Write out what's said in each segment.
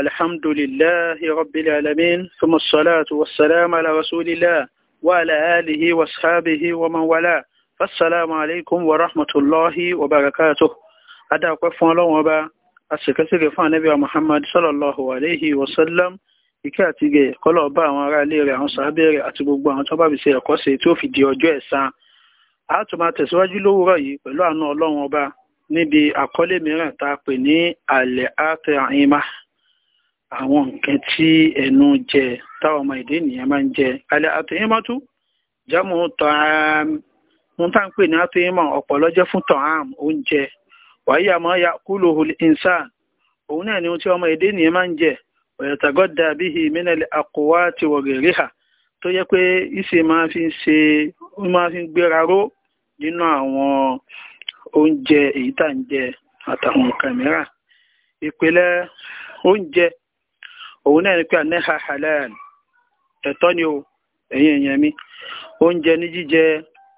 الحمد لله رب العالمين ثم الصلاة والسلام على رسول الله وعلى آله وأصحابه ومن والاه فالسلام عليكم ورحمة الله وبركاته أدعى قفوا الله وبا أسكسك فنبي محمد صلى الله عليه وسلم ìkẹ́ àti ìgẹ̀ kọ́ lọ́ọ́ bá àwọn ará ilé rẹ̀ àwọn sàábẹ̀ rẹ̀ àti gbogbo àwọn tó bá fi ṣe ẹ̀kọ́ ṣe tí ó fi di ọjọ́ ẹ̀san a tún máa tẹ̀síwájú lówùúrọ̀ yìí pẹ̀lú àánú ọlọ́run ọba níbi àkọlé mìíràn tá a pè ní àlẹ́ àtẹ̀ àwọn nǹkan tí ẹnu jẹ táwọn ọmọ èdè ènìyàn máa ń jẹ alẹ́ àtòyìnmọ́tú jámù tọ́ám mú tá ń pè ní àtòyìnmọ́ fún oúnjẹ wàyí ya kúlò òun náà ni ohun tí ọmọ èdè ènìyàn máa ń jẹ ọ̀yọ̀tàgọ́ dàbí hì àkọwá ti wọ̀gẹ̀ ríhà tó yẹ pé ìṣe máa fi ń ṣe máa fi jẹ òun náà ni pé anẹ́ha halal ẹ̀tọ́ ni o ẹ̀yin èèyàn mi oúnjẹ ní jíjẹ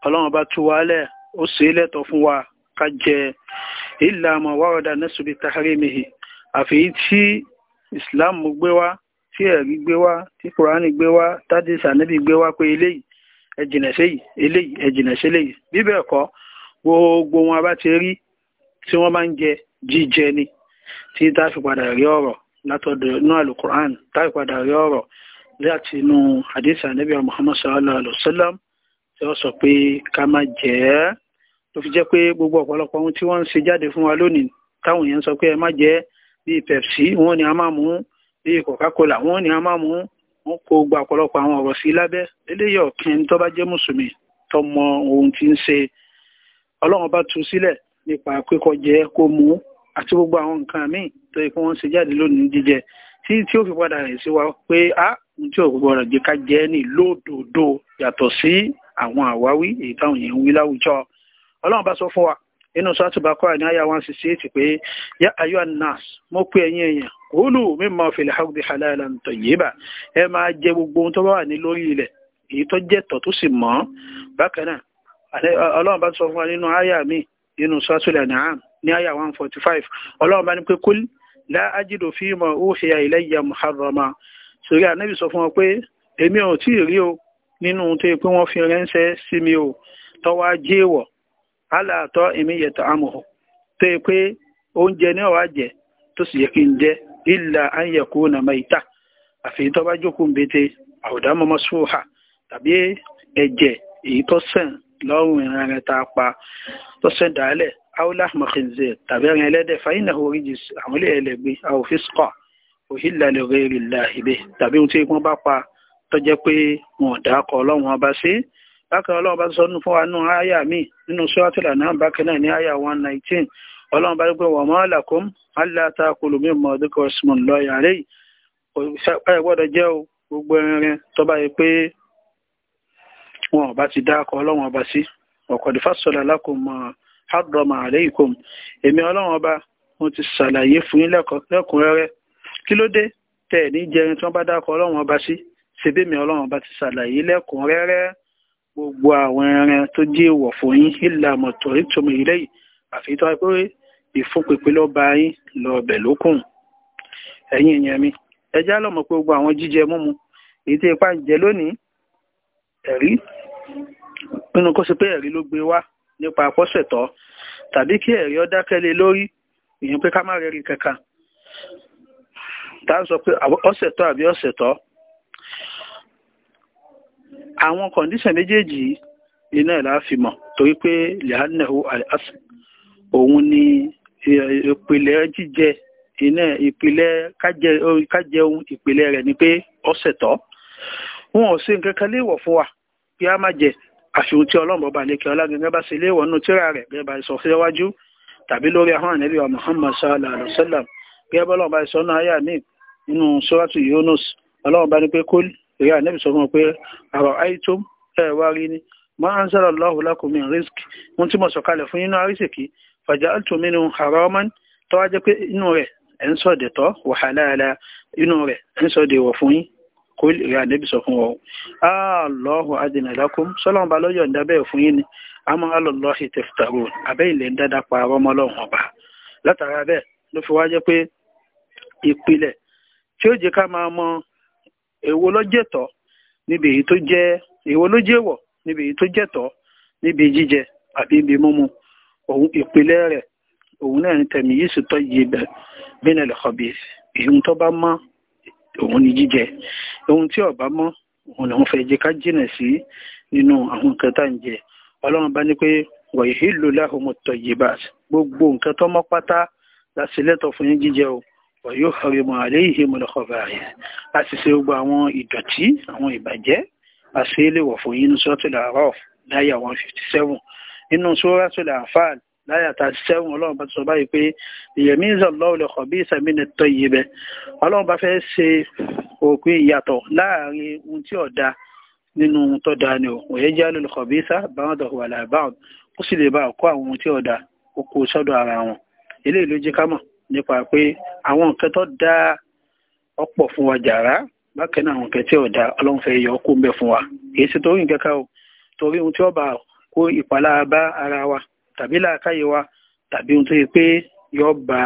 ọlọ́run bá tú wa lẹ̀ ó ṣe lẹ́tọ̀ fún wa ká jẹ illa ma warada nasubi tahrimihi àfi tí islam gbé wá tí ẹ̀rí gbé wá tí kùránì gbé wá tádìsì ànábì gbé wá pé eléyìí ẹ jìnà séyìí eléyìí ẹ jìnà séléyìí bí kọ́ gbogbo wọn bá ti rí tí wọ́n máa ń jẹ jíjẹ ni tí tá a fi padà rí ọ̀rọ̀ látọ̀dọ̀ inú alukur'an táì padà rí ọ̀rọ̀ láti inú hadisa nabi muhammad sallallahu alaihi wa sallam tí wọ́n sọ pé ká má jẹ ẹ́ ló fi jẹ́ pé gbogbo ọ̀pọ̀lọpọ̀ ohun tí wọ́n ń ṣe jáde fún wa lónìí táwọn èèyàn sọ pé ẹ má jẹ bíi pepsi wọ́n ni a máa mú bíi coca-cola wọ́n ní a máa mú wọ́n kó gba ọ̀pọ̀lọpọ̀ àwọn ọ̀rọ̀ sí lábẹ́ eléyìí ọ̀kan tó bá jẹ́ mùsùlùmí tó mọ ohun tí ń ṣe ọlọ́run bá tú sílẹ̀ nípa pé kó kó mu àti gbogbo àwọn nǹkan míì tó yẹ kí wọ́n ṣe jáde lónìí jíjẹ tí tí ó fi padà rìn sí wa pé a ohun tí òkú gbọdọ̀ jẹ́ ká jẹ́ ní lódodo yàtọ̀ sí àwọn àwáwí èyí táwọn èèyàn ń wí láwùjọ ọlọ́run bá sọ fún wa inú sọ́tùbà kọ́ra ní àyà one sixty eight pé yá ayọ́ nas mo pé ẹ̀yin èèyàn kúlù mimma fil ardi halalan tayyiba ẹ máa jẹ gbogbo ohun tó bá wà ní lórí ilẹ̀ èyí tó jẹ́ tọ̀ tó sì mọ́ bákan náà ọlọ́run bá sọ fún wa nínú àyà míì nínú suratul an'am ní àyà 145 ọlọ́run bá ní pé kúl la ajidu fima uhiya ilayya muharrama sórí ànábì sọ fún wọn pé èmi ò tí ì rí o nínú tó yẹ pé wọ́n fi ránṣẹ́ sí mi o tọ́wọ́ ajé wọ̀ aláàtọ́ èmi yẹ̀tọ̀ amòhò tó yẹ pé oúnjẹ ní ọ̀wá jẹ tó sì yẹ kí n jẹ illa an yakuna mayta àfi tó bá jókòó ń bete àwòdá mọ́mọ́ sóhà tàbí ẹ̀jẹ̀ èyí tó sàn lọ́rùn ìran rẹ̀ tá a pa tó ṣẹ̀dá lẹ̀ aula mọ̀kìnzẹ̀ tàbí ẹran ẹlẹ́dẹ̀ fàyínà oríjì àwọn ilé ẹlẹ́gbẹ́ àwòfíṣkọ̀ òhìlà lè rẹ̀ rìlà ìbẹ̀ tàbí ohun tí wọ́n bá pa tó jẹ́ pé wọn ò dákọ̀ ọlọ́run ọba sí bákan ọlọ́run bá sọ fún wa nù áyà mi nínú sọ́ọ́tìlà náà bákan náà ní áyà one nineteen ọlọ́run bá gbé wọ́n mọ́ làkún aláta kòlùmí mọ̀ọ́dúnkọ̀ lọ́ọ̀yà rẹ̀ gbọ́dọ̀ jẹ́ gbogbo ẹran tó bá yẹ pé wọn ọba ti dá akọ ọlọ́wọ́n ọba sí ọ̀kọ̀dì fásọlá lákòmọ̀ àdọ́mà àlẹ́yìnkòm èmi ọlọ́wọ́n ọba mo ti ṣàlàyé fún yín lẹ́kùnrẹ́rẹ́ kí ló dé tẹ̀ ní jẹrin tí wọ́n bá dá akọ ọlọ́wọ́n ọba sí ṣebí mi ọlọ́wọ́n ọba ti ṣàlàyé lẹ́kùnrẹ́rẹ́ gbogbo àwọn ẹran tó jẹ́ èèwọ̀ fún yín ìlà mọ̀tò ìtumọ̀ ilé yìí àfi tó wáyé pé ìfúnpẹ̀pẹ̀ ló bá yín lọ bẹ̀ lókùn ẹ̀yin èèyàn mi ẹjá lọ́mọ pé gbogbo àwọn jíjẹ múmu èyí tí ipá lónìí ẹ̀rí nínú kó ṣe pé ẹ̀rí ló gbé wá nípa àpọ́sẹ̀tọ́ tàbí kí ẹ̀rí ọ dákẹ́lẹ̀ lórí ìyẹn pé ká má rẹ̀ kankan tá ń sọ pé ọ̀sẹ̀tọ́ àbí ọ̀sẹ̀tọ́ àwọn kọ̀ǹdíṣàn méjèèjì iná ẹ̀ láàfin mọ̀ torí pé lẹ́hánẹ̀hó àlẹ́sì òun ni ìpìlẹ̀ jíjẹ iná ìpìlẹ̀ kájẹun ìpìlẹ̀ rẹ̀ ni pé ọ̀sẹ̀tọ́ wọn ò nǹkan kan léèwọ̀ fún pé a má jẹ àfihàn tí ọlọ́run bọba lè kí ọlá gẹ́gẹ́ bá ṣe léwọ̀ nù tíra rẹ̀ gẹ́gẹ́ bá sọ síwájú tàbí lórí ahọ́n ànẹ́bí wa Muhammad sallallahu alaihi wasallam gẹ́gẹ́ bọ́lọ́run bá sọ náà yà ní nínú suratu Yunus ọlọ́run bá ní pé kó rí ànẹ́bí sọ fún pé àrọ̀ àìtóm ẹ̀ wá rí ni ma anzalallahu lakum min rizq wọ́n tí mo sọ kalẹ̀ fún inú àrísìkì faja'altum minhu haraman tọ́wájẹ́ pé inú rẹ̀ ẹ̀ ń sọ̀dẹ̀tọ́ wa halala inú kó ìrìn àdébì sọ fún ọ Allahu adina lakum sọ́lọ́run bá lọ́yọ̀ ǹdá bẹ́ẹ̀ fún yín ni àmọ́ alọ́lọ́hì tẹ̀fùtàrò àbẹ́ ilẹ̀ ń dáadáa pa ọmọ ọlọ́run ọba látara bẹ́ẹ̀ ló fi wá jẹ́ pé ìpìlẹ̀ tí ó jẹ́ ká máa mọ èwo ló jẹ́tọ́ níbi èyí tó jẹ́ èwo ló níbi èyí tó jẹ́tọ́ níbi jíjẹ àbí ibi mímu òun ìpìlẹ̀ rẹ̀ òun náà ní tẹ̀mí yìí sì tọ́ yìí bẹ́ẹ̀ bí òun ni jíjẹ ohun tí ọba mọ́ òun lòun fẹ́ jẹ ká jìnà sí nínú àwọn nǹkan tá ń jẹ ọlọ́run bá ní pé wọ̀nyí ló láhùn tọ̀yìbàt gbogbo nǹkan tó mọ́ pátá láti lẹ́tọ̀ fún yín jíjẹ o wọ̀nyí ó hàrí mọ́ àlẹ́ yìí mo lọ́kọ̀ báyìí láti ṣe gbogbo àwọn ìdọ̀tí àwọn ìbàjẹ́ àṣẹ ilé wọ̀ fún yín ní sọ́tò làárọ̀ láyà one fifty seven nínú sọ́tò làáfàá láyà tàbí sẹ́wọ̀n ọlọ́run bá ti sọ báyìí pé ìyẹ̀mí ń zọ̀lọ́ olè kọ̀ bí ìsẹ̀mí ni tọ́ yìí bẹ́ ọlọ́run bá fẹ́ ṣe òpin ìyàtọ̀ láàrin ohun tí ò da nínú ohun tó da ni òun yẹ jẹ́ olè kọ̀ bí ìsá báwọn dọ̀ wà láì báwọn ó sì lè bá ọkọ àwọn ohun tí ò da ó sọ́dọ̀ ara wọn eléyìí ló jẹ́ ká mọ̀ nípa pé àwọn nǹkan tó da ọ̀pọ̀ fún wa jàrá bákan náà àwọn nǹkan tí ò da ọlọ́run fẹ́ yọ ọkọ tàbí làákàyè wa tàbí ohun tó yẹ pé yọ ba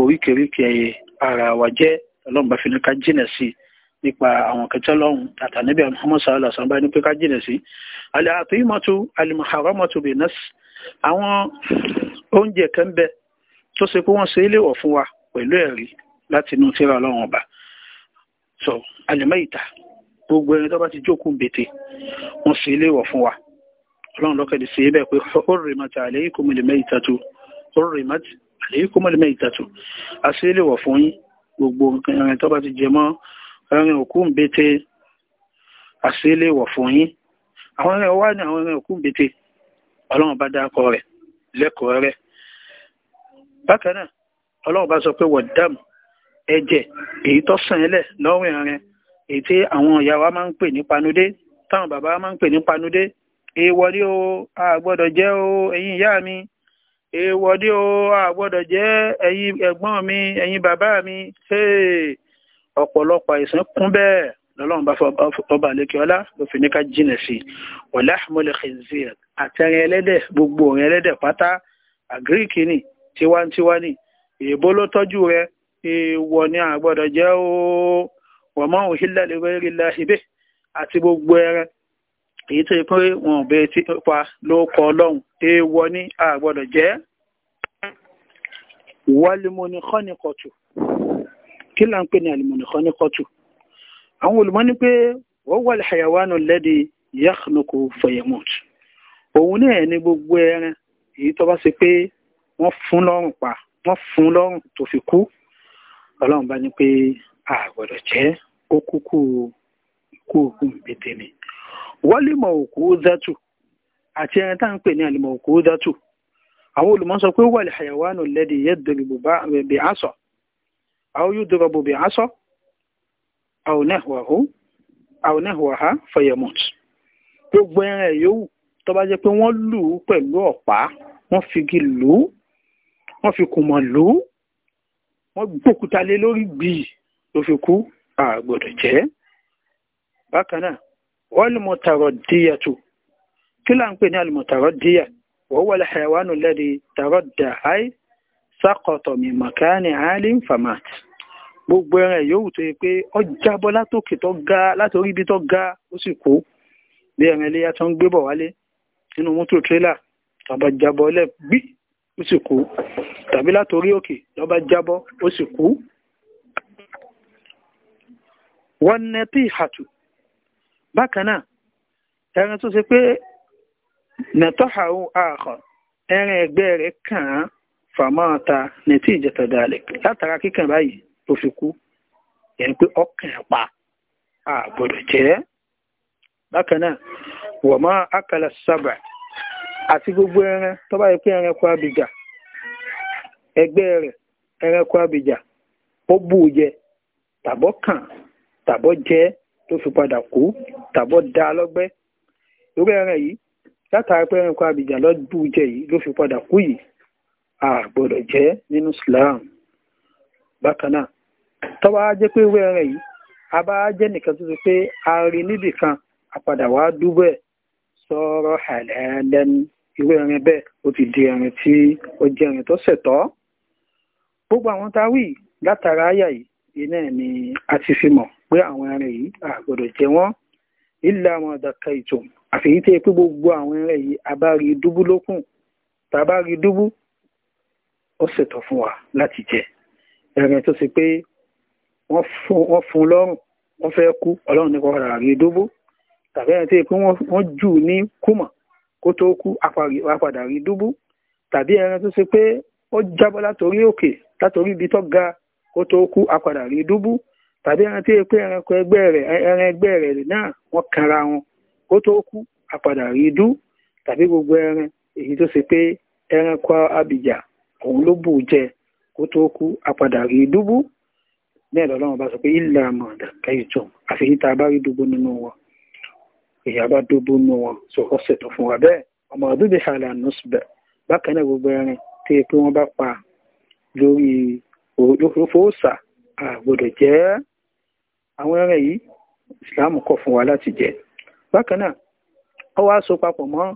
oríkèéríkèé ara wa jẹ́ ọlọ́mùbá fi ní ká jìnà sí i nípa àwọn kẹtẹ lọ́hùn àtànẹ́bí Muhammad sallallahu alaihi wasallam bá ní pé ká jìnà sí alẹ́ àtúyìmọ́tò alimuharamọ́tò bẹ̀ nọ́ọ̀sì àwọn oúnjẹ kan bẹ tó ṣe pé wọ́n ṣe é léwọ̀ fún wa pẹ̀lú ẹ̀rí láti inú tíra ọlọ́run ọba sọ alẹ́mọ́ ìta gbogbo ẹni tó bá ti jókòó bètè wọ́n ṣe é léwọ̀ fún wa ọlọ́run lọ́kẹ́ di sí ibẹ̀ pé hurrimat alaykumul maytatu hurrimat alaykumul maytatu àṣírí wọ̀ fún yín gbogbo ẹ̀rìn tó bá ti jẹ mọ́ ẹ̀rìn òkú ń bété àṣírí wọ̀ fún yín àwọn ẹ̀rìn wá ní àwọn ẹ̀rìn òkú ń bété ọlọ́run bá dákọ rẹ̀ lẹ́kọ̀ọ́ rẹ̀ bákan náà ọlọ́run bá sọ pé wọ̀ dáàmù ẹ̀jẹ̀ èyí tó sàn ẹlẹ̀ lọ́rùn ẹ̀rìn èyí tí àwọn ìyá máa ń pè ní panudé táwọn bàbá máa ń pè ní panudé èèwọ̀ ni o a gbọ́dọ̀ jẹ́ o ẹ̀yin ìyá mi èèwọ̀ ni o a gbọ́dọ̀ jẹ́ ẹ̀yin ẹ̀gbọ́n mi ẹ̀yin bàbá mi ọ̀pọ̀lọpọ̀ àìsàn kún bẹ́ẹ̀ lọ́lọ́run bá ọba àlékiọlá ló fi ní ká jìnà sí wọ̀lá mọ́lẹ̀ khinzir àtẹ̀rìn ẹlẹ́dẹ̀ gbogbo ọ̀rìn ẹlẹ́dẹ̀ pátá àgíríkì ni tiwantiwa ni o wọ̀mọ́ òhìlẹ̀ lè wẹ́rẹ́ láhìbẹ́ èyí tó yẹ pé wọn ò bẹ̀rẹ̀ tí pa ló kọ ọlọ́run èèwọ̀ ní àgbọ̀dọ̀ jẹ́ wàlìmọ̀nì kọ́nìkọ̀tù kí là ń pè ní àlìmọ̀nì kọ́nìkọ̀tù àwọn olùmọ̀ ní pé wọ́n wà lẹ́yàwánu lẹ́dí yàkùnùkù fọyẹ̀mọ̀tù òun náà ní gbogbo ẹran èyí tó bá ṣe pé wọ́n fún lọ́rùn pa wọ́n fún lọ́rùn tó fi kú ọlọ́run bá ní pé àgbọ̀dọ̀ jẹ́ ó kúkú kú ògùn gbèdéni wọ́límọ̀ òkú dátù àti ẹni tá ń pè ní àlìmọ̀ òkú dátù àwọn olùmọ̀ sọ pé wà lẹ́yàwánù lẹ́dí yẹ́dùrùbù bí aṣọ àwọn yóò dùrọ̀bù bí aṣọ àwọn ẹ̀hùwàhá fẹ̀yẹ̀mọ̀t gbogbo ẹran ẹ̀ yòówù tó bá jẹ́ pé wọ́n lù ú pẹ̀lú ọ̀pá wọ́n figi lù ú wọ́n fi kùmọ̀ lù ú wọ́n gbókúta lé lórí gbì ló fi kú àgbọ̀dọ̀ jẹ́ bákan wọ́lùmọ̀tàrọ̀ díyà tù kí là ń pè ní àlùmọ̀tàrọ̀ díyà wọ́n wọlé hẹ̀wánu lẹ́dí tàrọ̀ dà áì sákọ̀tọ̀ mi màkàní àálí famat gbogbo ẹran yòówù tó yẹ pé ọ jábọ́ látòkè tó ga látòrí ibi tó ga ó sì kú bí ẹran iléyà tó ń gbé wálé nínú mọ́tò tírélà tàbá jábọ́ lẹ́ gbí ó sì kú tàbí látòrí òkè lọ́ba jábọ́ ó sì kú. wọ́n nẹ́ ìhàtù bákan náà ẹran tó ṣe pé nàtọ́hàrún ààrọ̀ ẹran ẹgbẹ́ rẹ̀ kàn án fàmọ́ta nẹ̀tí ìjẹtọ̀dàlẹ̀ látara kíkàn báyìí tó fi kú yẹn pé ọkàn pa àgbọ̀dọ̀ jẹ́ bákan náà akala sábà àti gbogbo ẹran tó bá yẹ pé abìjà ẹgbẹ́ rẹ̀ abìjà ó bù tó fi padà kú tàbọ̀ dá a lọ́gbẹ́ lórí ẹran yìí látara pé ẹranko àbìjà lọ́dù jẹ yìí ló fi padà kú yìí a gbọ́dọ̀ jẹ nínú Islam bákan náà tọ́wọ́ á jẹ́ pé irú ẹran yìí a bá jẹ́ nìkan tó ti pé a rí níbì kan àpadà wá dúbọ̀ ẹ̀ sọ̀rọ̀ àlẹ́lẹ́nu irú ẹran bẹ́ẹ̀ ó ti di ẹran tí ó jẹ́ ẹran tó ṣẹ̀tọ́ gbogbo àwọn táwí látara àyà yìí iná ẹ̀ ni a ti fi mọ̀ pé àwọn ẹran yìí a jẹ wọ́n illa ma dakaytum àfihì tó yẹ pé gbogbo àwọn ẹran yìí a bá rí dúbú lókùn tá a bá rí dúbú ó ṣètọ́ fún wa láti jẹ ẹran tó ṣe pé wọ́n fún lọ́rùn wọ́n fẹ́ kú ọlọ́run nípa ọ̀rọ̀ àrí dúbú tàbí ẹran tó yẹ pé wọ́n jù ní kùmọ̀ kó tó kú apàdà rí dúbú tàbí ẹran tó ṣe pé ó jábọ́ látorí òkè látorí ibi tó ga kó tó kú apàdà rí dúbú tàbí ẹran tí pé ẹranko ẹgbẹ́ rẹ̀ ẹran ẹgbẹ́ rẹ̀ rẹ̀ náà wọ́n kanra wọn kó tó kú àpàdà rí dú tàbí gbogbo ẹran èyí tó ṣe pé ẹranko abìjà òun ló bù jẹ kó tó kú àpàdà rí dúbú bẹ́ẹ̀ lọ́lọ́run bá sọ pé ilẹ̀ àmọ̀dà kẹjọ àfihàn tá a bá rí dúbú nínú wọn èyí a bá dúbú nínú wọn sọ ọ̀sẹ̀ tó fún wa bẹ́ẹ̀ ọmọ ọdún bí hàlẹ́ ànúṣbẹ̀ bákan náà gbogbo ẹran tí pé wọ́n bá pa lórí òfófó sà àgbọ̀dọ̀ jẹ́ àwọn ẹran yìí islam kọ̀ fún wa láti jẹ bákan náà ó wá so papọ̀ mọ́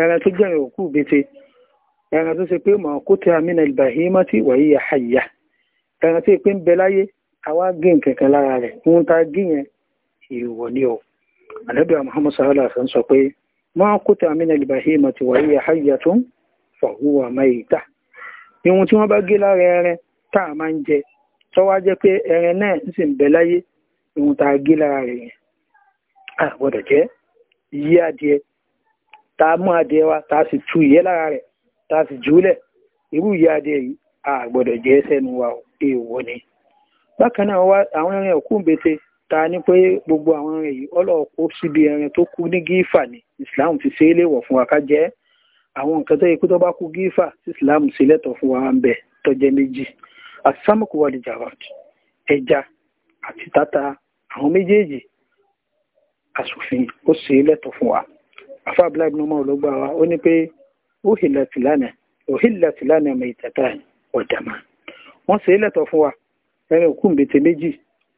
ẹran tó jẹ́ òkú bété ẹran tó ṣe pé mọ̀ kó tẹ́ amínà ìbàhímọ́tì wàyí àhàyà ẹran tó ṣe pé ń bẹ láyé àwa gé nkankan lára rẹ̀ ń ta gé yẹn ìwọ̀ ni o ànábì muhammad sallallahu alaihi wasallam sọ pé mọ́ kó tẹ́ amínà ìbàhímọ́tì wàyí àhàyà tó ń fọ̀húwà máyìíta ìwọ̀n tí wọ́n bá gé lára ẹran tá a máa ń jẹ tọ́wá jẹ́ pé ẹran náà ń sì ń bẹ láyé ohun tá a gé lára rẹ̀ yẹn àgbọ̀dọ̀ jẹ́ yí adìẹ tá a mú adìẹ wa tá sì tu ìyẹ́ lára rẹ̀ tá sì jùúlẹ̀ irú ìyẹ́ adìẹ yìí àgbọ̀dọ̀ jẹ́ sẹ́nu wa èèwọ̀ ni bákan náà wá àwọn ẹran ẹ̀kú bète ta ní pé gbogbo àwọn ẹran yìí ọlọ́ọ̀kọ́ síbi ẹran tó kú ní gífà ni Islam ti ṣe é léwọ̀ fún wa ká jẹ́ àwọn nǹkan tó yẹ kó tó bá kú gífà tí Islam ṣe lẹ́tọ̀ fún wa ń bẹ̀ tó jẹ́ méjì asámùkù wà lè jàrọ̀ ẹja àti tata àwọn méjèèjì asòfin ó ṣe lẹ́tọ̀ fún wa afa abdullahi bin umar ló gbà wá ó ní pé òhìlà tìlánà òhìlà tìlánà ọmọ ìtàtà ọ̀dàmà wọ́n ṣe lẹ́tọ̀ fún wa ẹrin òkú mbètè méjì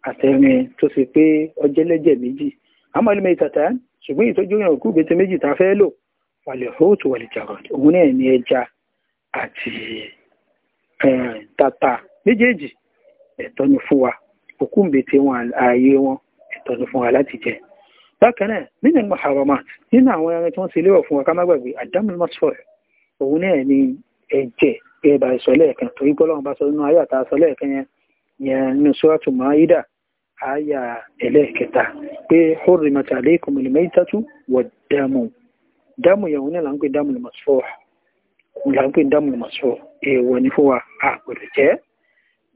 àtẹrin tó ṣe pé ọjẹ́lẹ́jẹ̀ méjì àmọ́ ẹlẹ́mọ ìtàtà ṣùgbọ́n ìtọ́jú ìrìn òkú mbètè méjì tá a fẹ́ lò wàlẹ̀ hóòtù wàlẹ̀ jàrọ̀ òun náà ní ẹja àti eh, tata méjèèjì ẹ̀tọ́ ni fún wa òkú mbètè wọn ààyè wọn ìtọ́nu fún wa láti jẹ bákan náà nínú ìmọ̀ haramat nínú àwọn ẹran tí wọ́n ti léwọ̀ fún wa ká má gbàgbé adamul masfur òun náà ni ẹ̀jẹ̀ ẹ̀bà ìsọ lẹ́ẹ̀kan torí gbọ́lọ́run bá sọ nínú ayé àtà sọ lẹ́ẹ̀kan yẹn yẹn nínú suratu maida àyà ẹlẹ́ẹ̀kẹta pé hurrimat alaykumul maytatu wad damu dáàmù yẹn ní làǹkì dáàmù lè mọ̀sọ́ làǹkì dáàmù lè mọ̀sọ́ èèwọ̀ ní fún wa àpèrè jẹ́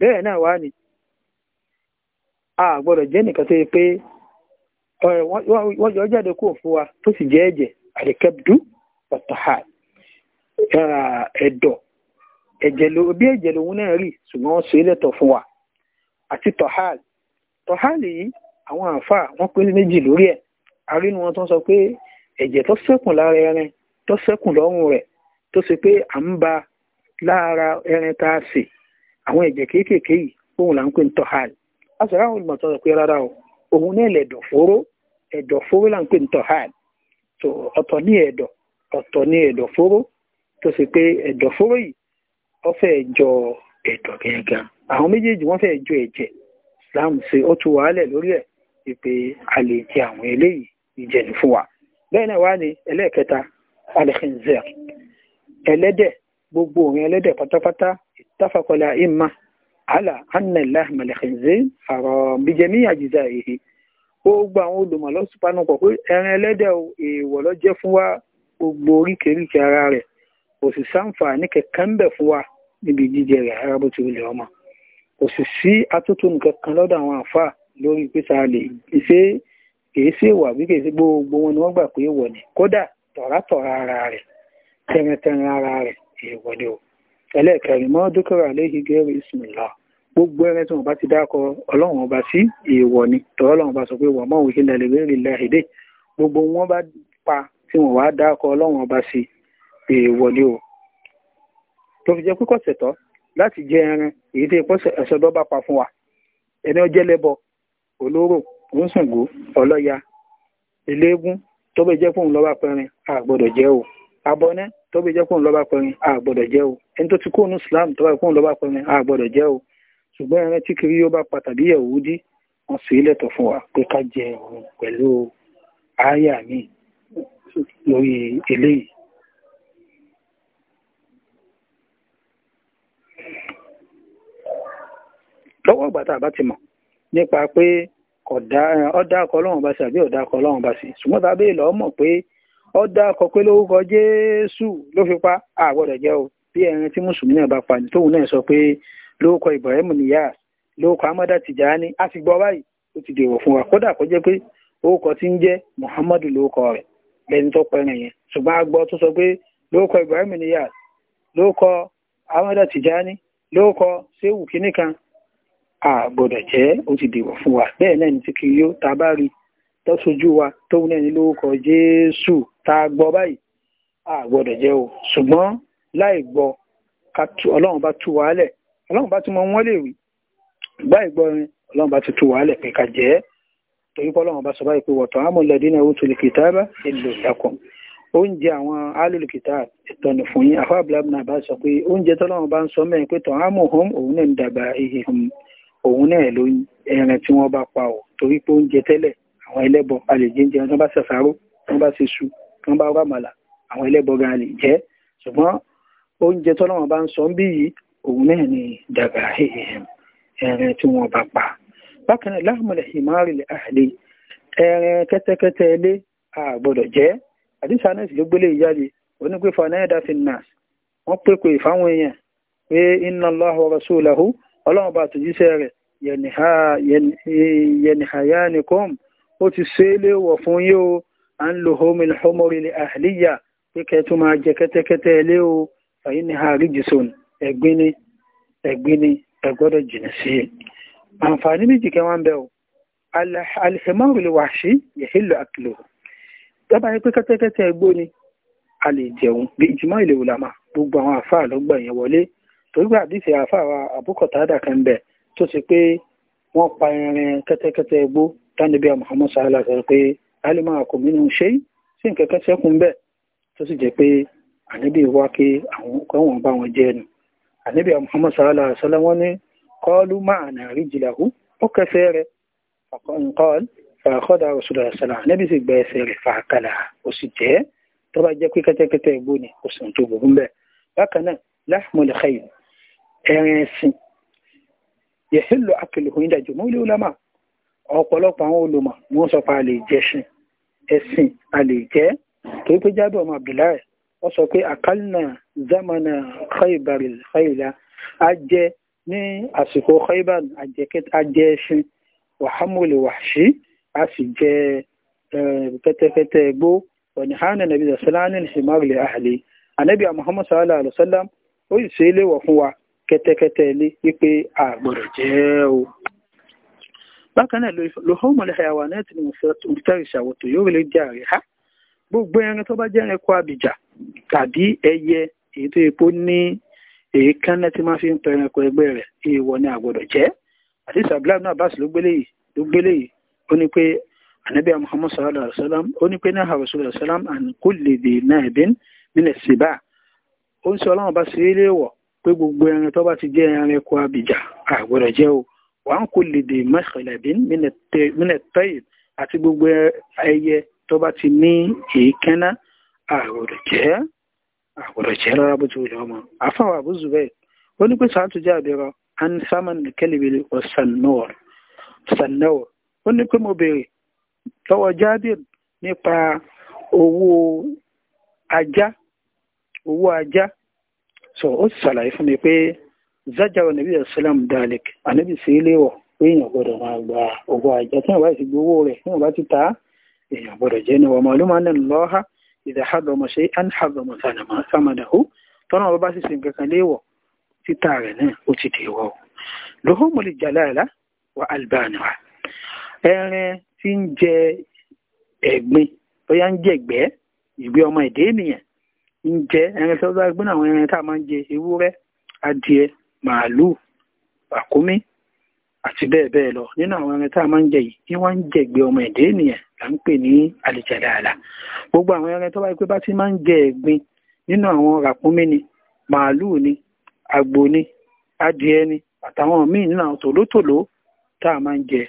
bẹ́ẹ̀ náà wá ní a gbọdọ jẹ́ nìkan tó yẹ pé wọ́n yọ jáde kó fún wa tó sì jẹ́ ẹ̀jẹ̀ àdìkẹ́bdú ọ̀tọ̀hà ẹ̀dọ̀ ẹ̀jẹ̀ ló ẹ̀jẹ̀ lòun náà rí ṣùgbọ́n wọ́n ṣe lẹ́tọ̀ fún wa àti yìí àwọn wọ́n méjì lórí wọn tó ń sọ pé ẹ̀jẹ̀ tó lára ẹran tó lọ́rùn rẹ̀ tó ṣe pé à ń ba lára ẹran tá a sè àwọn ẹ̀jẹ̀ kéékèèké yìí òun là àṣàrà àwọn olùmọ̀ sọ̀rọ̀ pé rárá o òun náà lè ẹ̀dọ̀fóró ẹ̀dọ̀fóró là ń pè ní tọ̀hán so ọ̀tọ̀ ní ẹ̀dọ̀ ọ̀tọ̀ ní ẹ̀dọ̀fóró tó ṣe pé ẹ̀dọ̀fóró yìí wọ́n fẹ́ jọ ẹ̀dọ̀ gẹ́gẹ́ àwọn méjèèjì wọ́n fẹ́ jọ ẹ̀jẹ̀ Islam ṣe ó tu wàhálẹ̀ lórí ẹ̀ pé a lè jẹ àwọn eléyìí ìjẹ̀lú fún wa bẹ́ẹ̀ náà wá ní ẹlẹ́ẹ̀kẹta alẹ́kẹ̀ńzẹ̀ ẹlẹ́dẹ̀ gbogbo òun ẹlẹ́dẹ̀ pátápátá ìtafakọlẹ̀ ìmá على أن lahma al-khinzir haram bi jami' ajza'ihi ó gba àwọn olùmọ̀ lọ́sùpánù pọ̀ pé ẹran ẹlẹ́dẹ̀ èèwọ̀ ló jẹ́ fún wa gbogbo oríkèéríkèé ara rẹ̀ kò sì sáǹfààní kẹ̀kẹ́ ń bẹ̀ fún wa níbi jíjẹ rẹ̀ ara bó ti wulẹ̀ ọmọ kò sì sí atótónu kankan lọ́dọ̀ àwọn àfa lórí pípa lè ṣe kìí ṣe wà bí kìí ṣe gbogbo wọn ni wọ́n gbà pé èèwọ̀ ni kódà tọ̀rátọ̀rá ara rẹ̀ tẹ̀rẹ̀tẹ̀rẹ̀ ara rẹ̀ èèwọ̀ ni o gbogbo ẹrẹ tí wọn bá ti dákọ ọlọ́run ọba sí èèwọ̀ ni tọrọ ọlọ́run ọba sọ pé wà máa òhìn lẹlẹ lórí ilẹ̀ èdè gbogbo wọn bá pa tí wọn wá dákọ ọlọ́run ọba sí èèwọ̀ ni o tó fi jẹ pé kọsẹ tọ láti jẹ ẹran èyí tí ìpọsẹ ẹsọdọ bá pa fún wa ẹni ọjẹ lẹbọ olóró oúnṣàngó ọlọ́ya eléégún tó bẹ jẹ fóun lọba pẹrin a gbọ́dọ̀ o abọnẹ tó bẹ jẹ fóun lọba pẹrin a gbọ́dọ̀ o ẹni tó ti kóònù islam tó bá kóònù lọba pẹrin a gbọ́dọ̀ o ṣùgbọ́n ẹran tí kiri yóò bá pa tàbí Yẹ̀húdí wọ́n sì lẹ́tọ̀ fún wa pé ká jẹ òun pẹ̀lú àáyà mi lórí eléyìí. lọ́wọ́ ìgbà tá a bá ti mọ̀ nípa pé ọ̀dà akọ ọlọ́run bá sí àbí ọ̀dà akọ ọlọ́run bá sí ṣùgbọ́n tá a béèrè lọ́wọ́ mọ̀ pé ọ̀dà akọ pé lórúkọ Jésù ló fi pa àgbọ̀dọ̀ jẹ́ o. bí ẹran tí mùsùlùmí náà bá pani tóun náà sọ pé lóòkọ Ibrahim Niyas lóòkọ Amada Tijani a ti gbọ báyìí ó ti dèrò fún wa kódà kó jẹ́ pé orúkọ tí ń jẹ́ Muhammadu lóòkọ rẹ lẹ́ni tó pẹ́ràn yẹn ṣùgbọ́n a gbọ́ tó sọ pé lóòkọ Ibrahim Niyas lóòkọ Amada Tijani lóòkọ Sehu a àgbọ̀dọ̀ jẹ́ ó ti dìbò fún wa bẹ́ẹ̀ náà ní tí kiri yóò ta bá rí tó wa tóun náà ni lórúkọ Jésù ta a gbọ́ báyìí àgbọ̀dọ̀ jẹ́ o ṣùgbọ́n láì gbọ́ ọlọ́run bá tú wàálẹ̀ ọlọ́run bá tún mọ wọ́n lè wí báyìí gbọ́ rin ọlọ́run bá ti tú wàálẹ̀ pé ká jẹ́ torí pé ọlọ́run bá sọ báyìí pé wọ̀tọ̀ àmọ́ lẹ́dí náà wútu lìkìtà bá èlò ìyàkùn oúnjẹ àwọn alólùkìtà ìtọ́nù fún yín àfáà blabna bá sọ pé oúnjẹ tọ́lọ́run bá ń sọ mẹ́rin pé tọ̀hámù hom òun náà ń dàgbà ihe hom òun náà ló ẹran tí wọ́n bá pa ọ̀ torí pé oúnjẹ tẹ́lẹ̀ àwọn ẹlẹ́bọ àlejò wọn bá ṣàṣàrò wọn bá ṣe su wọn bá rámàlà àwọn ẹlẹ́bọ gan àlè jẹ́ ṣùgbọ́n oúnjẹ tọ́lọ́wọ́n bá ń sọ ń bí yìí òun náà ni dàgbà ẹ̀rìn tí wọ́n bá pa bákan náà láàmúlẹ̀ ìmárì àlè ẹ̀rìn kẹ́tẹ́kẹ́tẹ́ ilé àgbọ̀dọ̀ jẹ́ àdìsá náà sì ló gbélé ìyáde onípe fanáyàdá finnas wọ́n pèpè fáwọn èèyàn pé inna Allah wa rasulahu ọlọ́run bá tòjíṣẹ́ rẹ̀ yẹnìhàyánikom ó ti ṣe é fún yíò à ń lo homin homori àhìlíyà pé kẹtù máa jẹ kẹ́tẹ́kẹ́tẹ́ ilé o fàyín ní ha rígìsòn ẹ̀gbin ni ẹ̀gbin ni ẹ gbọ́dọ̀ jìnà sí i àǹfààní méjì kẹwàá ń bẹ o alìsẹ̀mọ́rù lè wà sí yẹ̀hílò àkìlò dábàá yẹ pé kẹ́tẹ́kẹ́tẹ́ ẹgbó ni a lè jẹun bí ìjìmọ́ ìlè wùlámà gbogbo àwọn àfáà ló gbà yẹn wọlé torí pé àdìsí àfáà wa àbúkọ̀tàdà kan ń bẹ tó ṣe pé wọ́n pa irin kẹ́tẹ́kẹ́tẹ́ ẹgbó tánibíà Muhammad sallallahu alaihi wa sallam pé alimọ̀ àkọ́mínú ṣe sí nǹkan kẹ́tẹ́kùn bẹ́ẹ̀ tó sì jẹ́ pé ànábì wá kí àwọn bá wọn jẹ́ ẹnu ànábì Muhammad sallallahu alaihi wasallam wọ́n ní qalu ma'ana rijlahu ó kẹfẹ́ rẹ̀ nǹkan fàkọ́dà òṣùlọ̀ àṣàlà ànábì sì gba ẹsẹ̀ rẹ̀ fàákàlà ó sì jẹ́ tó bá jẹ́ pé kẹ́tẹ́kẹ́tẹ́ ìgbó ni kò sì ń tó burú bẹ́ẹ̀ bákan náà lahmul khayl ẹran ẹ̀sìn yẹ̀hìlò akèlùkùn ìdájọ́ mú ilé ọlọ́mà ọ̀pọ̀lọpọ̀ àwọn olùmọ̀ wọ́n sọ pé a lè jẹ́ ẹ̀sìn a lè jẹ́ torí pé jábọ̀ ọmọ Abdullahi wọ́n sọ pé àkálínà zamana khaibaril khaila a jẹ ní àsìkò khaibar ajẹ ẹṣin wàhámùlì wàṣí a sì jẹ kẹtẹkẹtẹ gbó wani hana nabi da salanin himarli ahli anabi muhammad sallallahu alaihi wasallam ó sì ṣe ilé wọ̀ fún wa kẹtẹkẹtẹ ilé wípé a gbọ́dọ̀ o bákan náà lóhùn mọlẹ hayawa náà ti ní mùsítẹrì ṣàwọtò yóò lè jẹ àríhá gbogbo ẹran tó bá jẹ́ ẹranko àbìjà tàbí ẹyẹ èyí tó epo ní èékánná tí máa fi ń tọ ẹranko ẹgbẹ́ rẹ̀ èèwọ̀ ni àgbọ̀dọ̀ jẹ́ àti sàbílàmù náà báàsì ló gbélé yìí ló gbélé yìí ó ní pé ànábì muhammad sallallahu alayhi ó ní pé náà rasul alayhi wa sallam an kulli dhi na'bin min as-siba ó ń sọ ọlọ́run bá sí ilé wọ̀ pé gbogbo ẹran tó bá ti jẹ́ ẹranko àbìjà àgbọ̀dọ̀ jẹ́ o wa an kulli dhi makhlabin min at-tayyib àti gbogbo ẹyẹ tó bá ti ní èékánná àwòrán jẹ́ àwòrán jẹ́ rárá bó ti wùlẹ̀ ọmọ afáwà àbúzù bẹ́ẹ̀ ó ní pé sàátù jẹ́ àbẹ̀rọ an saman kẹlẹ̀bẹ̀lẹ̀ ọ̀sánnáwọ̀ ó ní pé mo béèrè lọ́wọ́ jábìr nípa owó ajá owó ajá so ó sì ṣàlàyé fún mi pé zajawa nabi salam dalek anabi sí ilé wọ̀ pé èèyàn gbọ́dọ̀ máa gba owó ajá tí wọ́n bá ti gbowó rẹ̀ tí wọ́n bá ti ta á èèyàn gbọ́dọ̀ jẹ́ ní ọmọ olúmọ́nà lọ́ha ìdá àbọ̀mọ̀ ṣe án àbọ̀mọ̀ sàmàdàhù tọ́nà ọba bá sì sin kankan léwọ̀ títà rẹ̀ náà ó ti dèwọ̀ lóhùnmù lè jà láàlá wà albania ẹran tí ń jẹ ẹ̀gbin bóyá ń jẹ ìgbẹ́ ìgbé ọmọ ìdè ènìyàn ń jẹ ẹran tó bá gbóná àwọn ẹran tá a máa ń jẹ ewúrẹ́ adìẹ màálù àkúmí àti bẹ́ẹ̀ bẹ́ẹ̀ lọ nínú àwọn ẹran tá a máa ń jẹ yìí ní wọ́n ń jẹ̀gbẹ́ ọmọ ẹ̀dẹ́ là ń pè ní gbogbo àwọn ẹran tó bá bá ti máa ń jẹ ẹ̀gbin nínú àwọn ràkúnmí ni màálù ni ni adìẹ ni àtàwọn míì nínú àwọn tòlótòló tá a máa ń jẹ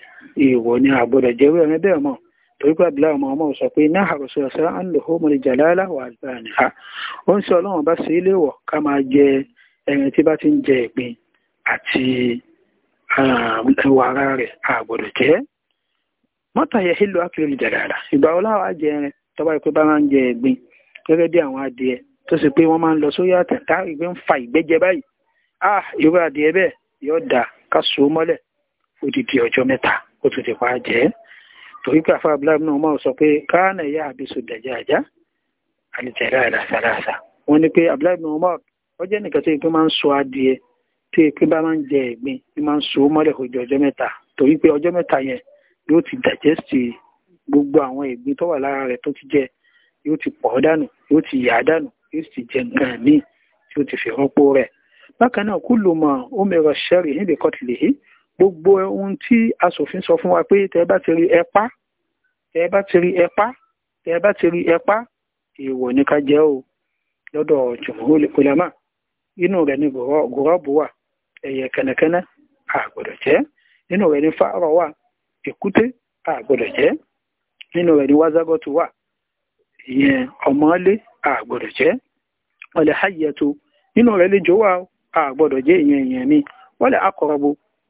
èèwọ̀ ni sọ pé náà àròsọ ọ̀sẹ̀ ń lò ó wà ó ń sọ ọlọ́run bá ti ń jẹ ẹwà ara rẹ̀ àgbọ̀dọ̀ jẹ́ mọ́tà yẹ hílò ákìlì jàdàdà ìgbà ọláwà jẹ ẹrin tọ́ba ìpé bá máa ń jẹ ẹ̀gbin gẹ́gẹ́ bí àwọn adìẹ tó sì pé wọ́n máa ń lọ sórí àtẹ̀ tá ìgbé ń fa ìgbẹ́jẹ báyìí à ah, irú adìẹ bẹ́ẹ̀ yóò dà ká so mọ́lẹ̀ odidi ọjọ́ mẹ́ta ó tún ti pa jẹ́ torí pé àfa abúlé náà máa sọ pé káànà ìyá àbísù dẹ̀jẹ̀ àjá àlìjẹ̀dà àdàsàdàsà wọ́n ní pé abúlé náà máa ọjọ́ nìkan tó yẹ pé máa ń so adìẹ tí èpè bá máa ń jẹ ẹ̀gbin ni máa ń so mọ́lẹ̀ kó jẹ ọjọ́ mẹ́ta torí pé ọjọ́ mẹ́ta yẹn yóò ti digest gbogbo àwọn ẹ̀gbin tó wà lára rẹ̀ tó ti jẹ yóò ti pọ̀ dànù yóò ti yà dànù yóò sì jẹ nǹkan míì tí ó ti fi rọ́pò rẹ̀ bákan náà kú ló mọ omero sherry níbi kọtìlẹ̀ yìí gbogbo ohun tí asòfin sọ fún wa pé tẹ́ bá ti rí ẹpá tẹ́ bá ti rí ẹpá tẹ́ bá ti rí ẹpá èèwọ̀ ní ká jẹ o lọ́dọ̀ jùmọ̀ olùkọ́lẹ́mà inú rẹ̀ ni gòrọ́bù wà ehe ekenekee agbụrjee were mfe arọwa ekwute agbụrụjee ere mwazagotụwa ihe ọmali agbụrụ jee e haietu noere jiwa agburụ jee nyonyoni gpale akụrọgbu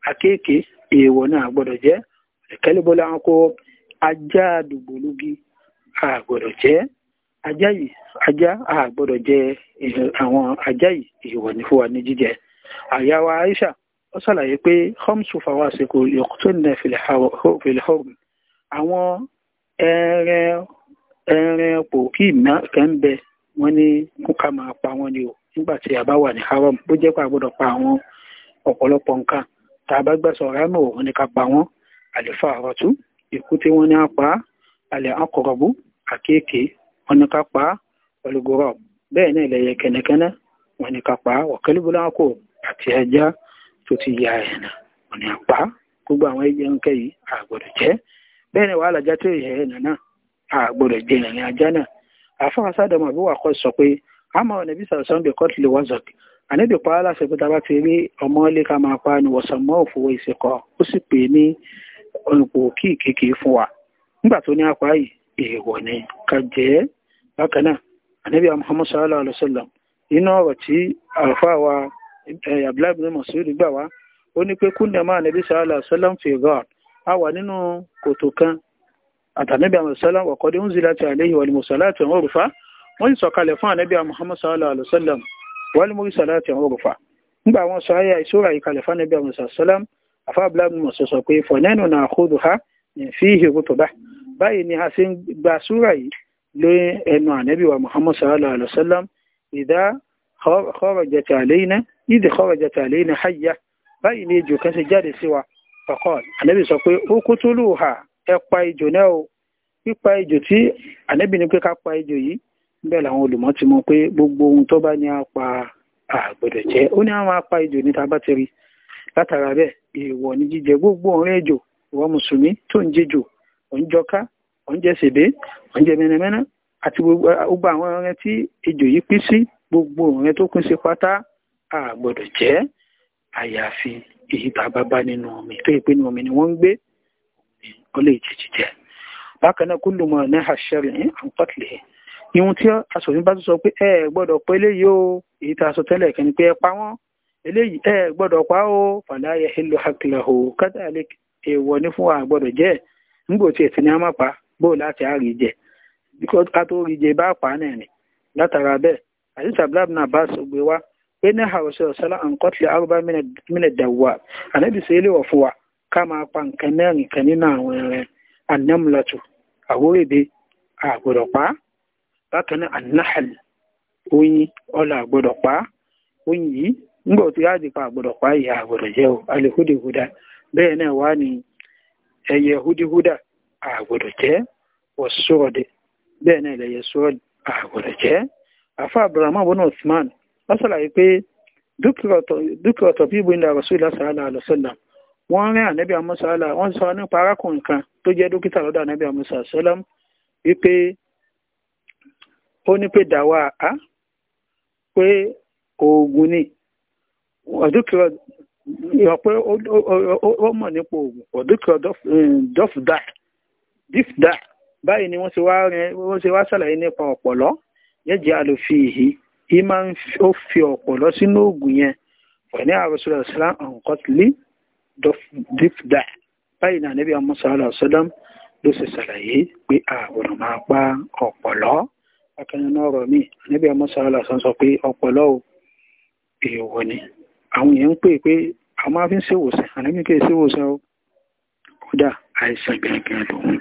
akaeke ihewo na agbụrụ jee lekelibol aụụ ajadugbulu gị agbụrụ jee ajayi aja agbụrụ jee awụ ajayi hewofụwanijije àyàwó Aisha ó ṣàlàyé pé homsu fàwọn àsìkò yọkùtúnnẹ fìlìhọ́rùn àwọn ẹ̀rẹ̀ pòkì kan bẹ wọ́n ní kúkà máa pa wọ́n ni o nígbà tí a bá wà ní haram bó jẹ́ pé a gbọ́dọ̀ pa àwọn ọ̀pọ̀lọpọ̀ nǹkan tá a bá gbẹ̀sọ̀ rámù òun ni ká pa wọ́n àlefa àrọ̀tú ikú tí wọ́n ní á pa àlẹ́ akọ̀rọ̀bù àkéèké wọ́n ní ká pa ọlùgọ́rọ̀ bẹ́ẹ̀ náà ilẹ̀ yẹ kẹ́nẹ́kẹ́nẹ́ wọ́n ká pa ọ̀kẹ́lùbọ́lá kò àti ẹja tó ti ya ẹ̀nà ọ̀nà àpá gbogbo àwọn ẹjẹ ń kẹ́ yìí àgbọ̀dọ̀ jẹ́ bẹ́ẹ̀ ni wàhálà ajá tó ẹ̀nà náà àgbọ̀dọ̀ jẹ́ ìrìn ajá náà àfọwọ́n sádọ̀mọ̀ àbí wà kọ́ sọ pé ọ̀nà kọ́tù lè àníbi pa á láṣẹ pé a bá ti rí ọmọ ilé ká máa pa ni wọ̀sán mọ́ òfowó ó sì pè ní kí fún wa nígbà tó ní apá yìí èèwọ̀ ni ká jẹ́ bákan náà àníbi Eh, abdullahi ibn mas'ud gbà wá ó ní pé kúndà máa nàbí sàálà sálám fi gọ́ọ̀d a wà nínú kòtò kan àtànàbí àmọ̀ sálám wọ̀kọ́ dé ń zìlá ti àléhì wàlú mùsàlá àti àwọn òrùfá wọ́n sì sọ̀kalẹ̀ fún ànàbí àmọ̀ muhammad sàálà àlùsálàm wàlú mùsàlá àti àwọn òrùfá nígbà wọn sọ ayé ìṣúra ìkalẹ̀ fún ànàbí àmọ̀ sàálàm àfa abdullahi ibn mas'ud sọ kharajat alayna idh kharajat alayna hayya báyìí ni ejò kan ṣe jáde sí wa faqal ànábì sọ pé uqtuluha ẹ pa ejò náà o pípa ejò tí ànábì ní pé ká pa ejò yìí bẹ́ẹ̀ làwọn olùmọ̀ ti mọ̀ pé gbogbo ohun tó bá ní á pa àgbọ̀dọ̀ jẹ ó ní àwọn apá ejò níta bá ti rí látara bẹ́ẹ̀ èèwọ̀ ní jíjẹ gbogbo ọ̀rẹ́ ejò ìwọ mùsùlùmí tó ń jẹjò òǹjọká òǹjẹ sèbé òǹjẹ mẹnẹmẹnẹ àti gbogbo àwọn ọ̀rẹ́ tí ejò yìí pín sí gbogbo òun tó kún sí pátá a gbọdọ jẹ́ àyàfi èyí tàbá bá nínú omi tó yẹ pé nínú omi ni wọ́n ń gbé ó lè jẹ jíjẹ bákan náà mọ ní ní sọ pé ẹ Gbọdọ pé eléyìí o èyí tá a sọ kẹni pé ẹ ẹ gbọdọ pa o o ní fún wa a bó láti jẹ bí ká tó rí jẹ bá pa náà ni àdìsí abdullahi ibn abbas ògbé wa pé ní àwòṣe ọ̀sálà àǹkọ́tìlẹ̀ arúgbá mílẹ̀ dàwà ànábì sí ilé ọ̀fọ̀ wa ká máa pa nǹkan mẹ́rin kan nínú àwọn ẹran anamulatu àwórèbe àgbọ̀dọ̀ pa bákan náà anahal oyin ọlà pa ya yìí ńgbà a afa abdulrahman bin usman wọ́n ṣàlàyé pé dúkìá ọ̀tọ̀ bíbu ilẹ̀ rasulillah sallallahu alaihi wasallam wọ́n rìn ànábì amúsàlá wọ́n sọ nípa arákùnrin kan tó jẹ́ dókítà lọ́dọ̀ ànábì amúsàlá wípé ó ní pé dàwa á pé oògùn ni ọ̀dúkìá ìwà pé ó mọ̀ nípa oògùn ọ̀dúkìá dọ́fùdà eh, báyìí ni wọ́n ṣe wá ṣàlàyé nípa ọ̀pọ̀lọ́ yaj'alu fihi yìí máa ń fi ọ̀pọ̀lọ sínú oògùn yẹn pẹ̀lú àrùsùn islam ọ̀nkọ́tìlì dìfdà báyìí náà níbi àmúṣà aláṣọdám ló ṣe ṣàlàyé pé àwòrán máa pa ọ̀pọ̀lọ́ akẹ́yìn náà rọ̀ mí níbi àmúṣà aláṣọdám sọ pé ọ̀pọ̀lọ́ ò èèwọ̀ ni àwọn èèyàn ń pè pé àwọn máa fi ń ṣèwòsàn àníbi kí ṣèwòsàn ó kódà àìsàn gbẹ̀ngàn lòun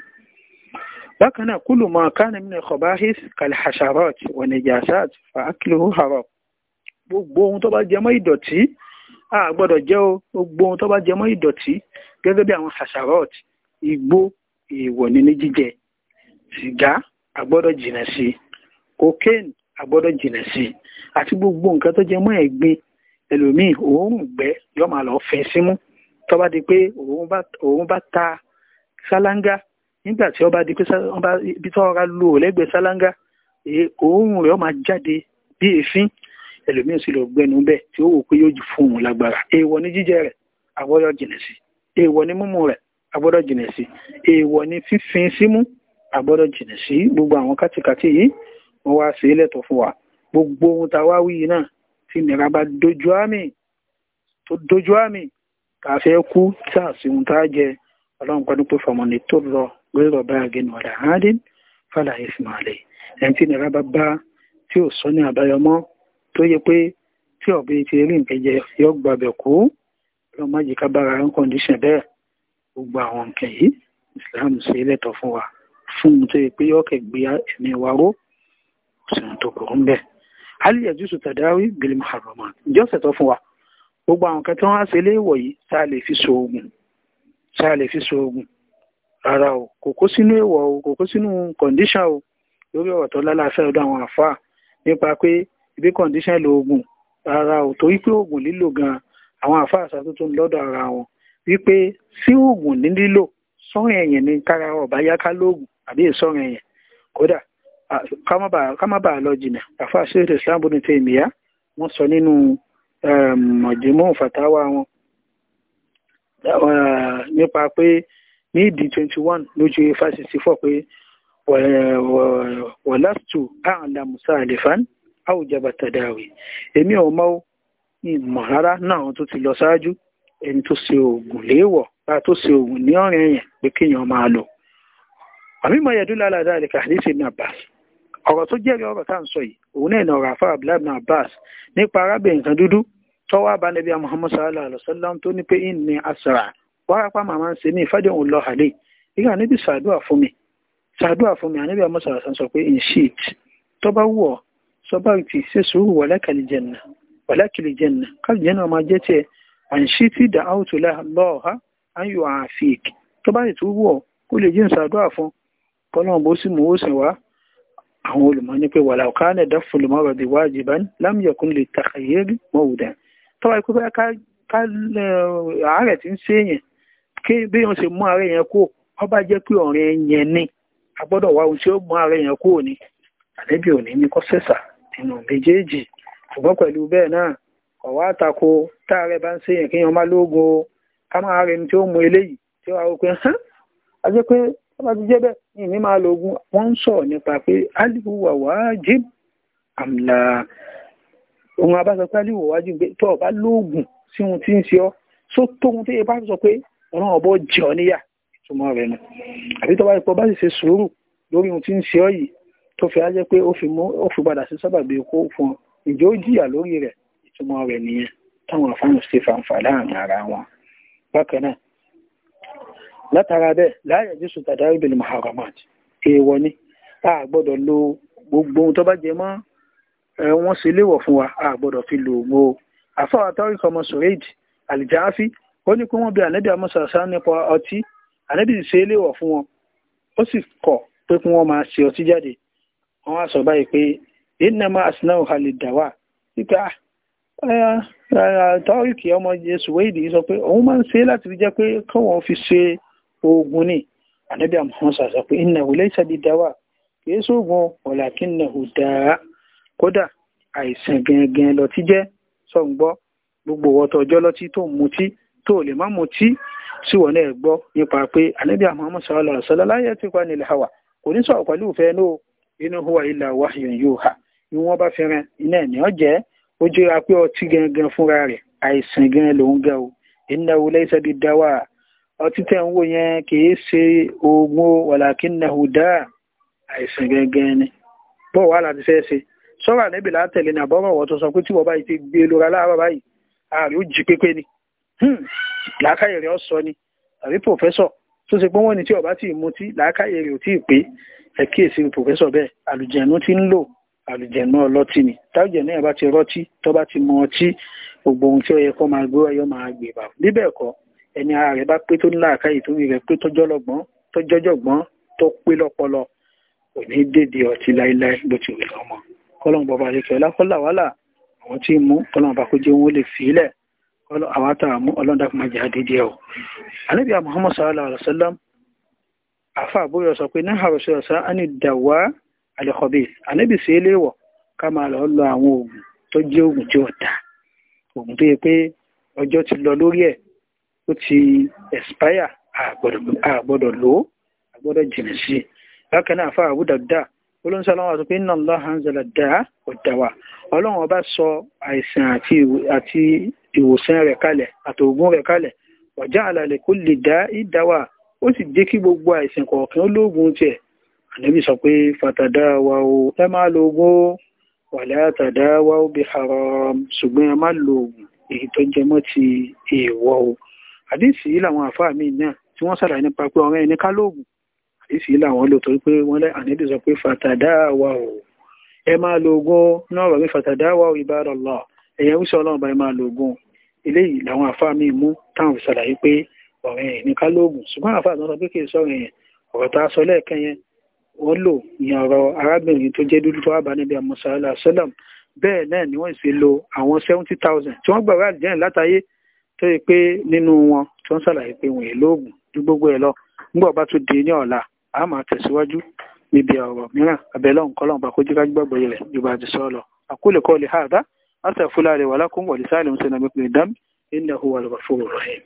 bákan náà kúlù mọ kánà min al-khaba'ith kal-hasharat wa najasat fa akluhu haram gbogbo ohun tó bá jẹmọ́ ìdọ̀tí a gbọ́dọ̀ jẹ o gbogbo ohun tó bá jẹmọ́ ìdọ̀tí gẹ́gẹ́ bí àwọn hasharat igbó èèwọ̀ ní ní jíjẹ sìgá a gbọ́dọ̀ jìnà sí cocaine a gbọ́dọ̀ jìnà sí àti gbogbo nǹkan tó jẹmọ́ ẹ̀gbin ẹlòmíì òórùn gbẹ yóò máa lọ fẹ́ di pé òun bá ta ṣáláńgá nígbà tí ọba di pé ibi tí ọra lò lẹ́gbẹ̀ẹ́ sálángà e, òórùn rẹ̀ ó máa jáde bí èéfín ẹlòmíràn sì lọ gbẹnu bẹ́ẹ̀ tí ó wò pé yóò fún òun lágbára èèwọ̀ ní jíjẹ rẹ̀ àgbọ́dọ̀ jìnà sí èèwọ̀ ní mímu rẹ̀ àgbọ́dọ̀ jìnà sí èèwọ̀ ní fífín símú àgbọ́dọ̀ jìnà sí gbogbo àwọn kátìkátì yìí wọ́n wá sí lẹ́tọ̀ fún wa gbogbo ohun tá a wá wí yìí náà tí nira bá dojú àmì tó dojú àmì tá kú tá a sì ohun tá a jẹ ọlọ́run pẹ́ dúpẹ́ fọmọ tó lọ gbẹ́rọ̀ bá agin ọ̀dà hádín fàlà ìsìnmọ̀ àlẹ́ ẹni tí nira bá bá tí ò sọ ní àbáyọmọ́ tó yẹ pé tí ọ̀bẹ ti rí nǹkan jẹ yọ gbàbẹ̀ kú lọ́mọ yìí ká bára ń kọ́ndíṣẹ̀ bẹ́ẹ̀ gbogbo àwọn nǹkan yìí Islam ṣe lẹ́tọ̀ fún wa fún un tó yẹ pé yọ́kẹ̀ gbé ẹ̀mí wa ró òsùn tó kúrú ń bẹ̀. aliyah jùsù tàdáwí gírímù àrọ̀mà jọ́sẹ̀ tó fún wa gbogbo àwọn kan tí wọ́n á ṣe léèwọ̀ yìí tá lè fi so oògùn tá lè fi so oògùn rárá o kò kó sínú èèwọ̀ o kò kó sínú kọ̀ǹdíṣàn o lórí ọ̀rọ̀ tó lálàáfẹ́ ọ̀dọ̀ àwọn àfáà nípa pé ibi kọ̀ǹdíṣàn lo oògùn rárá o torí pé oògùn lílò gan àwọn àfáà ṣàtúntò lọ́dọ̀ ara wọn wípé sí oògùn ní lílò sọ́rọ̀ ẹ̀yìn ni kára ọ̀bá yá ká lóògùn àbí ìsọ̀rọ̀ ẹ̀yìn kódà ká má bàa lọ jìnà àfáà ṣètò Islam bó ni tẹ ìmìyá wọ́n sọ nínú mọ̀jìmọ́ fàtáwà wọn nípa pé ní ìdí twenty one lójú uefa sixty four pé wọ̀lásù àǹdà musa àlefan àwùjábà tàdáwì èmi ò mọ̀ ìmọ̀ rárá náà tó ti lọ ṣáájú ẹni tó ṣe oògùn léèwọ̀ bá tó ṣe oògùn ní ọ̀rìn ẹ̀yìn pé kéèyàn máa lò àmì mọ̀ yẹ̀dúlá aládàá àlekà àdéṣe ní abbas ọ̀rọ̀ tó jẹ́rìí ọ̀rọ̀ tá à ń sọ yìí òun náà ọ̀rọ̀ àfa abdullahi bin abbas nípa arábìnrin kan dúdú tọ́wọ́ abánibí muhammad sallallahu alayhi wa sallam tó ní pé ìní asra wárápá màmá ń ṣe mí fádéhùn lọ àlè ìgbà níbi sàdúà fún mi sàdúà fún mi àníbi ọmọ sàrásán sọ pé inshit tó bá wù ọ sọ bá ti ṣe sùúrù wàlákàlì jẹnà wàlákàlì jẹnà káàlì jẹnà ọmọ jẹ tiẹ àǹṣí dà áwùtò lọ́ọ̀ha ayò àfíìk tó ètò wù kó lè jẹ́ sàdúà fún kọ́lọ́n bó sì mú ó sìn wá àwọn olùmọ̀ pé wàlà ọ̀ká náà dá fúlùmọ́ rẹ̀ bí wajiban lam yakun li takhayir tọ́wọ́ ikú bá ká àárẹ̀ tí ń ṣèyàn kí bí wọ́n ṣe mú ara yẹn kó wọ́n bá jẹ́ pé ọ̀rẹ́ yẹn ni a gbọ́dọ̀ wá ohun tí ó mú ara yẹn kó ni àlébí òní ní kó sẹ̀sà nínú méjèèjì ṣùgbọ́n pẹ̀lú bẹ́ẹ̀ náà ọ̀wá àtakò táàrẹ bá ń ṣe yẹn kí wọ́n má lóògùn o ká máa rẹ̀ ní tí ó mú eléyìí tí ó wá òpin hàn á jẹ́ pé wọ́n bá ti jẹ́ bẹ́ẹ̀ ní ìní máa lóògùn wọ́n ń sọ̀rọ̀ nípa pé alibu wà wájib àmìlà ohun abáṣọ alibu wà wájib pé tó o lóògùn sí ohun tí ń ṣe ọ só tóhun tí ẹ bá sọ pé ọlọ́run ọbọ̀ jẹ ọ níyà túmọ̀ rẹ̀ nù àbí tó bá ipò bá sì ṣe sùúrù lórí ohun tí ń ṣe ọ yìí tó fi á jẹ́ pé ó fi mú ó fi padà sí sábàbí kó fún un ǹjẹ́ ó jìyà lórí rẹ̀ ìtumọ̀ rẹ̀ nìyẹn táwọn afáàmù ṣe fàǹfà láàrin ara wọn bákan náà látara bẹ́ẹ̀ láàyè jésù tàdárí bìlì muharramat èèwọ̀ ni a gbọ́dọ̀ lo gbogbo ohun tó bá jẹ mọ́ wọ́n ṣe léwọ̀ fún wa a gbọ́dọ̀ fi lò ó àfọwọ́ àtọ́rí kọmọ ó ní pé wọ́n bi ànẹ́bí amúsàsá nípa ọtí ànẹ́bí sì ṣe é léwọ̀ fún wọn ó sì kọ̀ pé kí wọ́n máa ṣe ọtí jáde wọ́n á sọ báyìí pé innama asnau halid dawa pípa ah, eh, eh, eh, tọ́ríkì ọmọ jésù wéèdì sọ pé òun máa ń ṣe láti jẹ́ pé káwọn fi ṣe oògùn ni ànẹ́bí amúsàsá sọ pé innahu laysa bi dawa kìí sóògùn walakinnahu dawa kódà àìsàn gẹ̀ẹ́gẹ̀ẹ́ lọtí jẹ́ sọ̀ ń gbọ́ gbogbo ọ̀tọ̀ ọjọ́ lọtí tó ń mutí tó lè má mu tí tí wọ́n náà gbọ́ nípa pé ànábì Muhammad sallallahu alaihi wasallam láyé tí kò ní ilẹ̀ hawa kò ní sọ̀rọ̀ pẹ̀lú ìfẹ́ náà inú huwa illa wahyun yuha ìwọ́n bá fi rán iná ẹ̀mí ọ̀jẹ́ ó jẹ́ra pé ọtí gangan fúnra rẹ̀ àìsàn gan lòún gan o innahu laysa bid-dawa ọtí tẹ̀ ń wò yẹn kìí ṣe oògùn walakinnahu da àìsàn gangan ni bọ́ wà láti fẹ́ ṣe sọ́rọ̀ ànábì látẹ̀lé ní àbọ̀rọ̀ wọ́n tó sọ pé tí wọ́n báyìí ti gbé lóra láàárọ̀ báyìí ààrẹ ó jí pépé ni Hmm. làákàyè rẹ̀ ọ sọ ni àbí pòfẹ́sọ̀ tó ṣe pé wọ́n ní tí ọba tí ì mutí làákàyè rẹ̀ ò tí ì pé ẹ kíyèsí pòfẹ́sọ̀ bẹ́ẹ̀ àlùjẹ̀nu ti ń lò àlùjẹ̀nu ọlọ́tí ni táwùjẹ̀nu yẹn bá ti rọ́tí tó bá ti mu ọtí gbogbo ohun tí ó yẹ kó máa gbé ọyọ́ máa gbé bá níbẹ̀ kọ́ ẹni ara rẹ̀ bá pé tó ní làákàyè tó rí rẹ̀ pé tó jọ́lọ́gbọ́n tó jọ́jọ́gbọ́n tó pé lọ́pọlọ kò ní dédé ọtí láéláé bó ti wù lọ́mọ kọ́lọ́n bọ́ba lè ọlá kọ́lá wàhálà àwọn tí ń mú kọ́lọ́n bá kó jẹ́ wọn lè fi í lẹ̀ àwọn àtàmú ọlọ́dàkùnmá jihadi díẹ̀ o anábì muhammad sallallahu alaihi wasallam afa àbúrò sọ pé náà àròsọ ọ̀sá á ní dàwà àlẹ́kọ̀bí anábì sí ilé wọ̀ ká máa lọ lọ àwọn oògùn tó jẹ́ oògùn tí ó dá oògùn tó yẹ pé ọjọ́ ti lọ lórí ẹ̀ ó ti expire àgbọ́dọ̀ lò ó àgbọ́dọ̀ jìnnà sí i bákan náà afa olóńsọ ọlọ́run àti pé iná hanzala dá ọ̀dàwà ọlọ́run ọba sọ àìsàn àti ìwòsàn rẹ̀ kalẹ̀ àti òògùn rẹ̀ kalẹ̀ ọ̀já àlàlẹ̀ kó lè dá ìdáwà ó sì jẹ́ kí gbogbo àìsàn kọ̀ọ̀kan olóògùn tiẹ̀ ànábì sọ pé fàtàdá wa o ẹ máa lo oògùn o wà látàdá wa o bí haram ṣùgbọ́n ẹ máa lo oògùn èyí tó jẹ mọ́ ti èèwọ̀ o àdéhùn sí làwọn àfáà míì náà tí wọ́n ṣàlàyé nípa pé ọ̀rẹ́ ẹni ká lóògùn àdìsí làwọn lò torí pé wọ́n lẹ́ àníbì sọ pé fàtàdáwà ò ẹ máa lo ogun náà wà pé fàtàdáwà ò ibadallah ẹ̀yẹ ń sọ ọlọ́run bá ẹ máa lo ogun eléyìí làwọn àfáà mi mú táwọn fi ṣàlàyé pé ọ̀rọ̀ ẹ̀yìn ní kálóògùn ṣùgbọ́n àfáà náà sọ pé kì í sọ̀rọ̀ ẹ̀yìn ọ̀rọ̀ tá a sọ lẹ́ẹ̀kan yẹn wọ́n lò ìyàn ọ̀rọ̀ arábìnrin tó jẹ́ dúdú tó ni wọ́n sì lo seventy thousand tí wọ́n gbàgbé àdìjẹ́ látàyé tó yẹ pé nínú wọn tí wọ́n ṣàlàyé pé wọ́n èlò oògùn ju gbogbo ẹ̀ lọ nígbà bá tún di ní ọ̀la a máa tẹ̀síwájú níbi ọ̀rọ̀ mìíràn abẹ́lẹ́ òǹkọ́lọ́n bá kójú kájú gbàgbọ́ ilẹ̀ ju bá ti sọ lọ aqulu qawli hadha astaghfirullahi li wa lakum wa lisa'iril muslimina min dhanbin innahu huwal ghafurur rahim